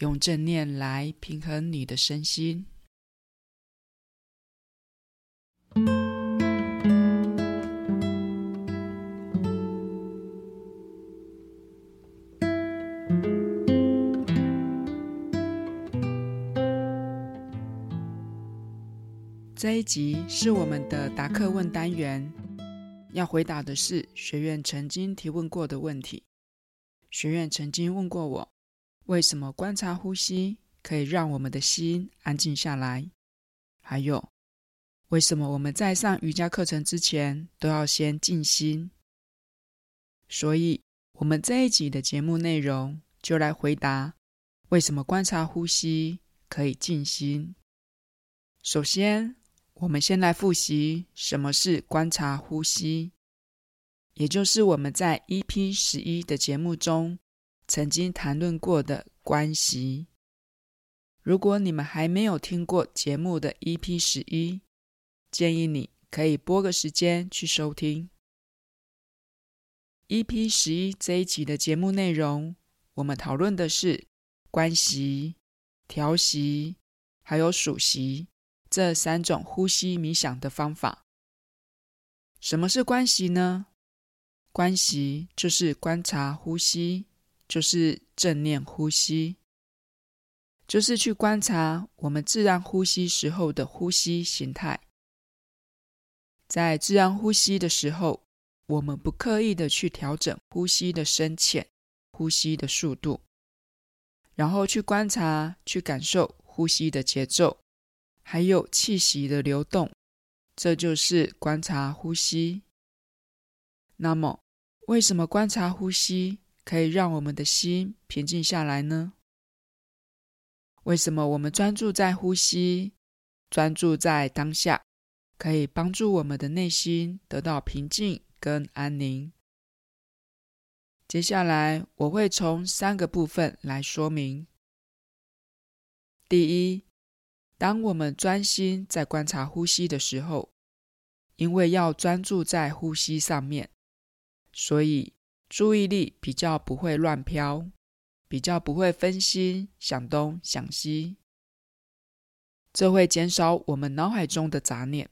用正念來平衡你的身心。這一集是我們的答課問單元，要回答的是學員曾經提問過的問題。學員曾經問過我。為什麼觀察呼吸可以讓我們的心安靜下來？還有，為什麼我們在上瑜伽課程之前都要先靜心？所以，我們這一集的節目內容就來回答為什麼觀察呼吸可以靜心。首先，我們先來複習什麼是觀察呼吸，也就是我們在 EP 十一的節目中。曾經談論過的觀息。如果你們還沒有聽過節目的 EP 十一，建議你可以撥個時間去收聽 EP 十一這一集的節目內容。我們討論的是觀息、調息還有數息這三種呼吸冥想的方法。什麼是觀息呢？觀息就是觀察呼吸。就是正念呼吸，就是去觀察我們自然呼吸時候的呼吸形態。在自然呼吸的時候，我們不刻意的去調整呼吸的深淺、呼吸的速度，然後去觀察、去感受呼吸的節奏，還有氣息的流動。這就是觀察呼吸。那麼，為什麼觀察呼吸？可以讓我們的心平靜下來呢？為什麼我們專注在呼吸、專注在當下，可以幫助我們的內心得到平靜跟安寧？接下來我會從三個部分來說明。第一，當我們專心在觀察呼吸的時候，因為要專注在呼吸上面，所以，注意力比較不會亂飄，比較不會分心想東想西，這會減少我們腦海中的雜念。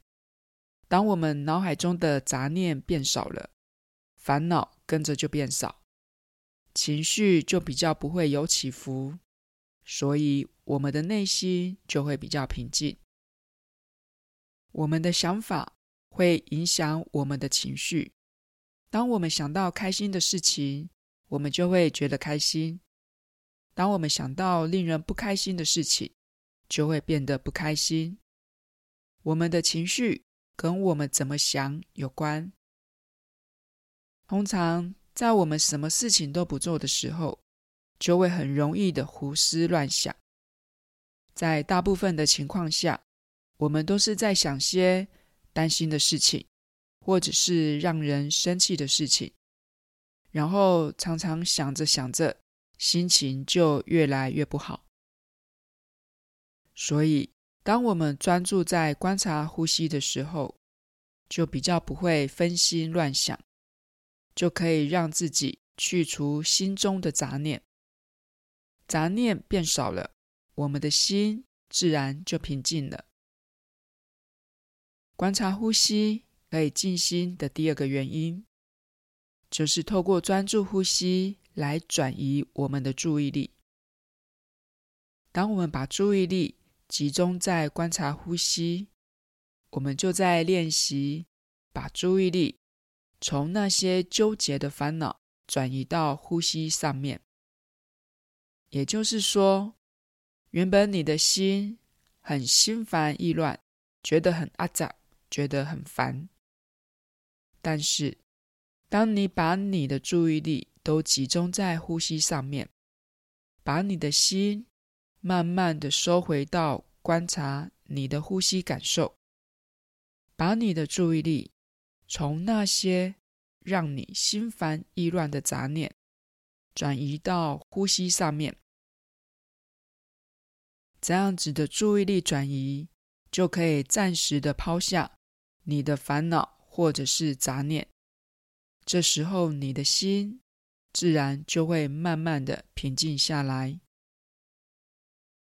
當我們腦海中的雜念變少了，煩惱跟着就變少，情緒就比較不會有起伏，所以我們的內心就會比較平靜。我們的想法會影響我們的情緒。當我們想到開心的事情，我們就會覺得開心；當我們想到令人不開心的事情，就會變得不開心。我們的情緒跟我們怎麼想有關。通常，在我們什麼事情都不做的時候，就會很容易的胡思亂想。在大部分的情況下，我們都是在想些擔心的事情。或者是讓人生氣的事情，然後常常想着想着，心情就越來越不好。所以，當我們專注在觀察呼吸的時候，就比較不會分心亂想，就可以讓自己去除心中的雜念。雜念變少了，我們的心自然就平靜了。觀察呼吸，可以靜心的第二個原因，就是透過專注呼吸來轉移我們的注意力。當我們把注意力集中在觀察呼吸，我們就在練習把注意力從那些糾結的煩惱轉移到呼吸上面。也就是說，原本你的心很心煩意亂，覺得很阿雜，覺得很煩。但是，當你把你的注意力都集中在呼吸上面，把你的心慢慢的收回到觀察你的呼吸感受，把你的注意力從那些讓你心煩意亂的雜念轉移到呼吸上面，這樣子的注意力轉移，就可以暫時的拋下你的煩惱。或者是雜念，這時候你的心自然就會慢慢的平靜下來。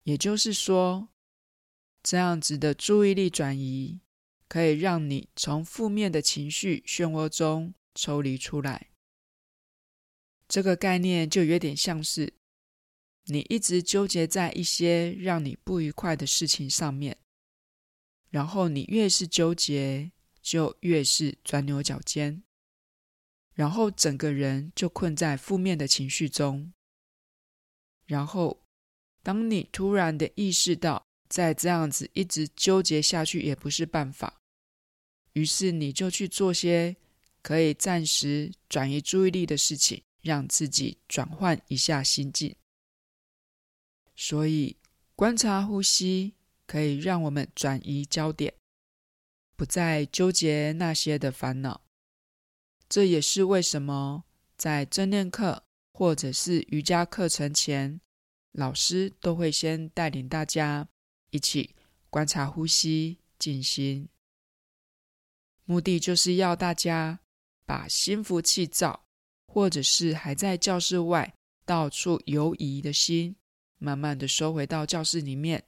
也就是說，這樣子的注意力轉移，可以讓你從負面的情緒漩渦中抽離出來。這個概念就有點像是你一直糾結在一些讓你不愉快的事情上面，然後你越是糾結，就越是鑽牛角尖，然後整個人就困在負面的情緒中。然後，當你突然的意識到，再這樣子一直糾結下去也不是辦法，於是你就去做些可以暫時轉移注意力的事情，讓自己轉換一下心境。所以，觀察呼吸可以讓我們轉移焦點。不再糾結那些的煩惱，這也是為什麼在正念課或者是瑜伽課程前，老師都會先帶領大家一起觀察呼吸、靜心，目的就是要大家把心浮氣躁，或者是還在教室外到處游移的心，慢慢的收回到教室裡面，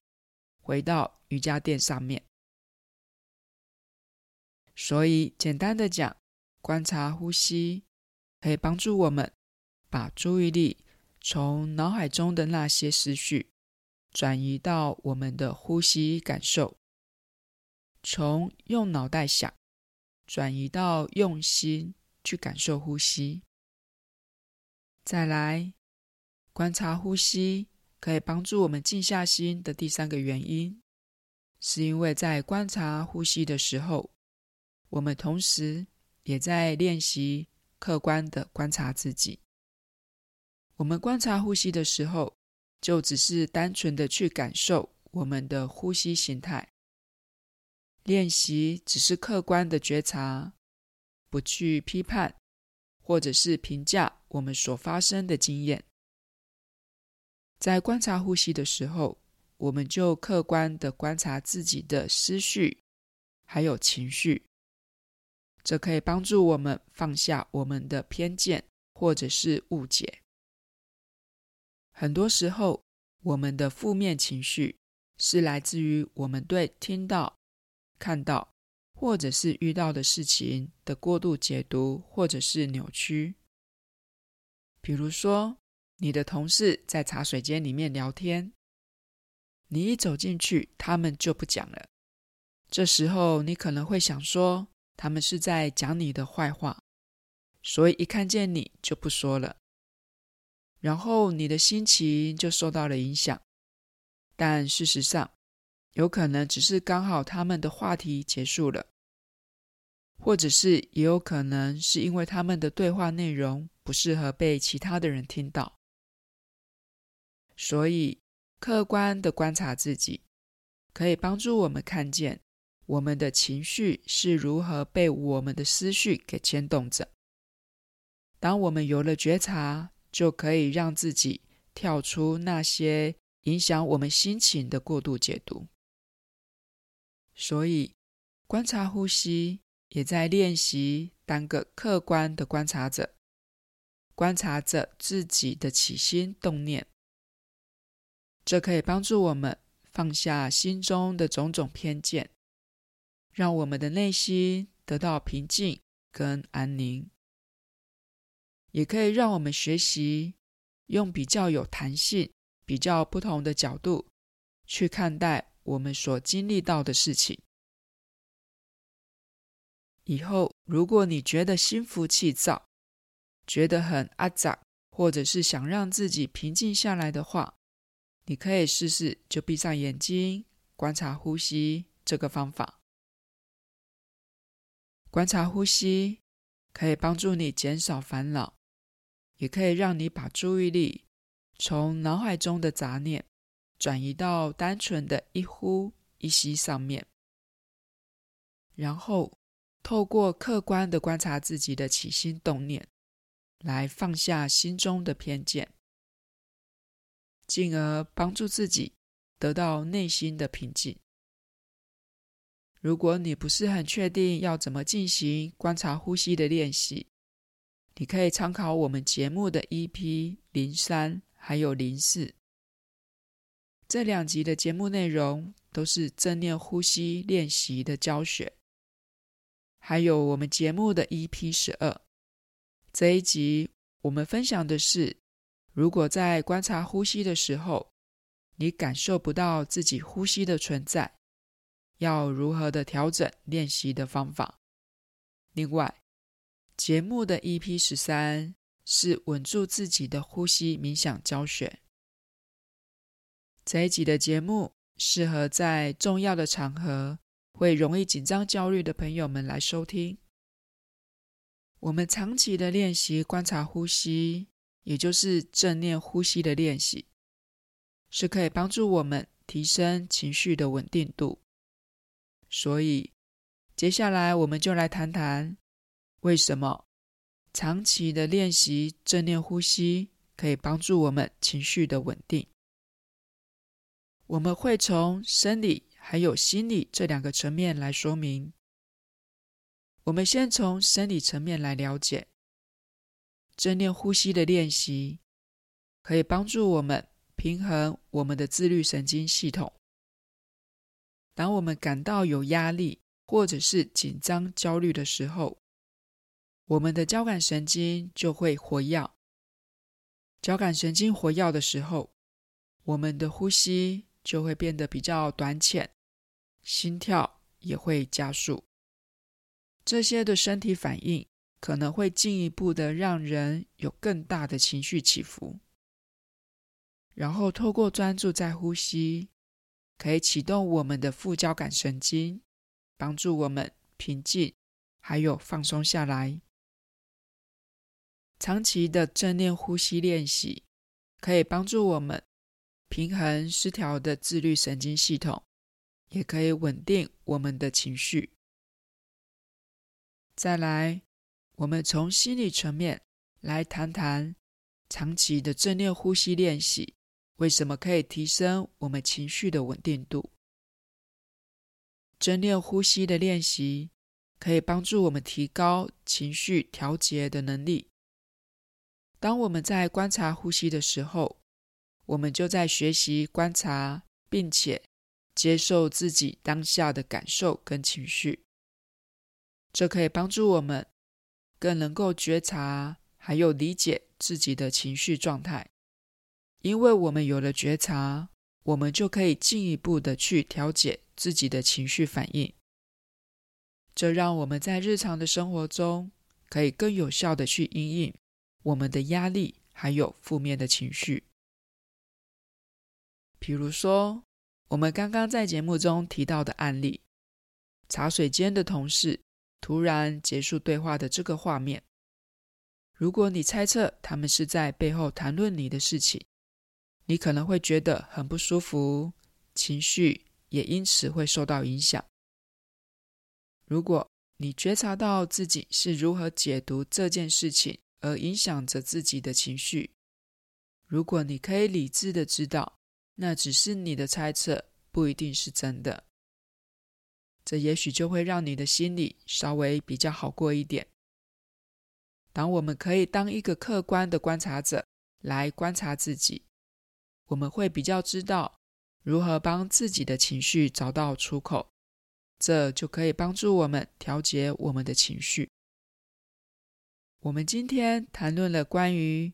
回到瑜伽墊上面。所以，簡單的講，觀察呼吸可以幫助我們把注意力從腦海中的那些思緒轉移到我們的呼吸感受，從用腦袋想轉移到用心去感受呼吸。再來，觀察呼吸可以幫助我們靜下心的第三個原因，是因為在觀察呼吸的時候，我們同時也在練習客觀的觀察自己。我們觀察呼吸的時候，就只是單純的去感受我們的呼吸形態。練習只是客觀的覺察，不去批判或者是評價我們所發生的經驗。在觀察呼吸的時候，我們就客觀的觀察自己的思緒，還有情緒。這可以幫助我們放下我們的偏見或者是誤解。很多時候，我們的負面情緒是來自於我們對聽到、看到或者是遇到的事情的過度解讀或者是扭曲。比如說，你的同事在茶水間裡面聊天，你一走進去，他們就不講了。這時候，你可能會想說，他們是在講你的壞話，所以一看見你就不說了，然後你的心情就受到了影響。但事實上，有可能只是剛好他們的話題結束了，或者是也有可能是因為他們的對話內容不適合被其他的人聽到。所以，客觀的觀察自己，可以幫助我們看見。我們的情緒是如何被我們的思緒給牽動着當我們有了覺察，就可以讓自己跳出那些影響我們心情的過度解讀。所以，觀察呼吸也在練習當個客觀的觀察者，觀察着自己的起心動念。這可以幫助我們放下心中的種種偏見。讓我們的內心得到平靜跟安寧，也可以讓我們學習用比較有彈性、比較不同的角度去看待我們所經歷到的事情。以後如果你覺得心浮氣躁，覺得很阿雜，或者是想讓自己平靜下來的話，你可以試試就閉上眼睛觀察呼吸這個方法。觀察呼吸可以幫助你減少煩惱，也可以讓你把注意力從腦海中的雜念轉移到單純的一呼一吸上面。然後，透過客觀的觀察自己的起心動念，來放下心中的偏見，進而幫助自己得到內心的平靜。如果你不是很確定要怎麼進行觀察呼吸的練習，你可以參考我們節目的 EP 零三還有零四這兩集的節目內容，都是正念呼吸練習的教學。還有我們節目的 EP 十二這一集，我們分享的是，如果在觀察呼吸的時候，你感受不到自己呼吸的存在。要如何的調整練習的方法？另外，節目的 EP 十三是穩住自己的呼吸冥想教學。這一集的節目適合在重要的場合會容易緊張焦慮的朋友們來收聽。我們長期的練習觀察呼吸，也就是正念呼吸的練習，是可以幫助我們提升情緒的穩定度。所以，接下來我們就來談談為什麼長期的練習正念呼吸可以幫助我們情緒的穩定。我們會從生理還有心理這兩個層面來說明。我們先從生理層面來了解，正念呼吸的練習可以幫助我們平衡我們的自律神經系統。當我們感到有壓力或者是緊張、焦慮的時候，我們的交感神經就會活躍。交感神經活躍的時候，我們的呼吸就會變得比較短淺，心跳也會加速。這些的身體反應可能會進一步的讓人有更大的情緒起伏。然後透過專注在呼吸。可以啟動我們的副交感神經，幫助我們平靜，還有放鬆下來。長期的正念呼吸練習可以幫助我們平衡失調的自律神經系統，也可以穩定我們的情緒。再來，我們從心理層面來談談長期的正念呼吸練習。為什麼可以提升我們情緒的穩定度？正念呼吸的練習可以幫助我們提高情緒調節的能力。當我們在觀察呼吸的時候，我們就在學習觀察，並且接受自己當下的感受跟情緒。這可以幫助我們更能夠覺察，還有理解自己的情緒狀態。因為我們有了覺察，我們就可以進一步的去調節自己的情緒反應。這讓我們在日常的生活中可以更有效的去因應我們的壓力還有負面的情緒。比如說，我們剛剛在節目中提到的案例，茶水間的同事突然結束對話的這個畫面，如果你猜測他們是在背後談論你的事情。你可能會覺得很不舒服，情緒也因此會受到影響。如果你覺察到自己是如何解讀這件事情，而影響着自己的情緒，如果你可以理智的知道，那只是你的猜測，不一定是真的，這也許就會讓你的心裡稍微比較好過一點。當我們可以當一個客觀的觀察者來觀察自己。我們會比較知道如何幫自己的情緒找到出口，這就可以幫助我們調節我們的情緒。我們今天談論了關於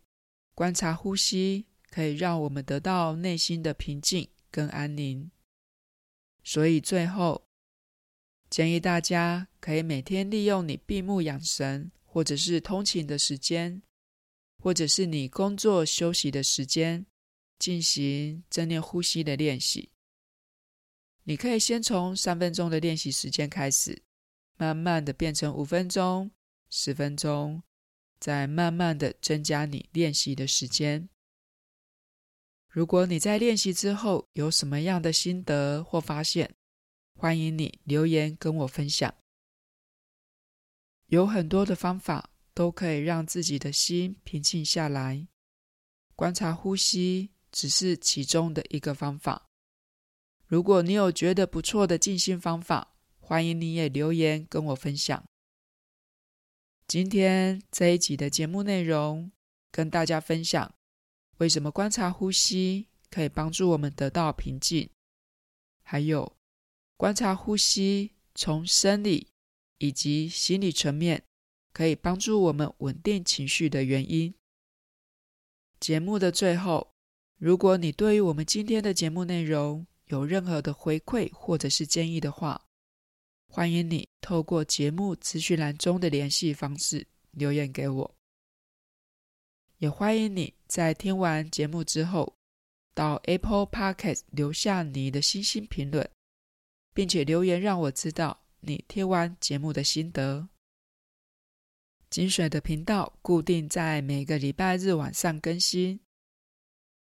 觀察呼吸，可以讓我們得到內心的平靜跟安寧。所以最後建議大家可以每天利用你閉目養神，或者是通勤的時間，或者是你工作休息的時間。進行正念呼吸的練習，你可以先從三分鐘的練習時間開始，慢慢的變成五分鐘、十分鐘，再慢慢的增加你練習的時間。如果你在練習之後有什麼樣的心得或發現，歡迎你留言跟我分享。有很多的方法都可以讓自己的心平靜下來，觀察呼吸，只是其中的一個方法。如果你有覺得不錯的靜心方法，歡迎你也留言跟我分享。今天這一集的節目內容，跟大家分享為什麼觀察呼吸可以幫助我們得到平靜，還有觀察呼吸從生理以及心理層面可以幫助我們穩定情緒的原因。節目的最後，如果你對於我們今天的節目內容有任何的回饋或者是建議的話，歡迎你透過節目資訊欄中的聯繫方式留言給我。也歡迎你在聽完節目之後，到 Apple Podcast 留下你的星星評論，並且留言讓我知道你聽完節目的心得。金水的頻道固定在每個禮拜日晚上更新。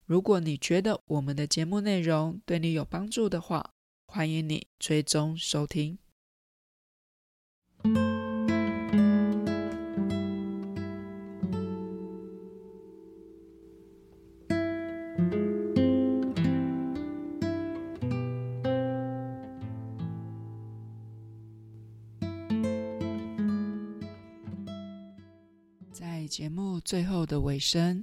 如果你覺得我們的節目內容對你有幫助的話，歡迎你追蹤收聽。在節目最後的尾聲。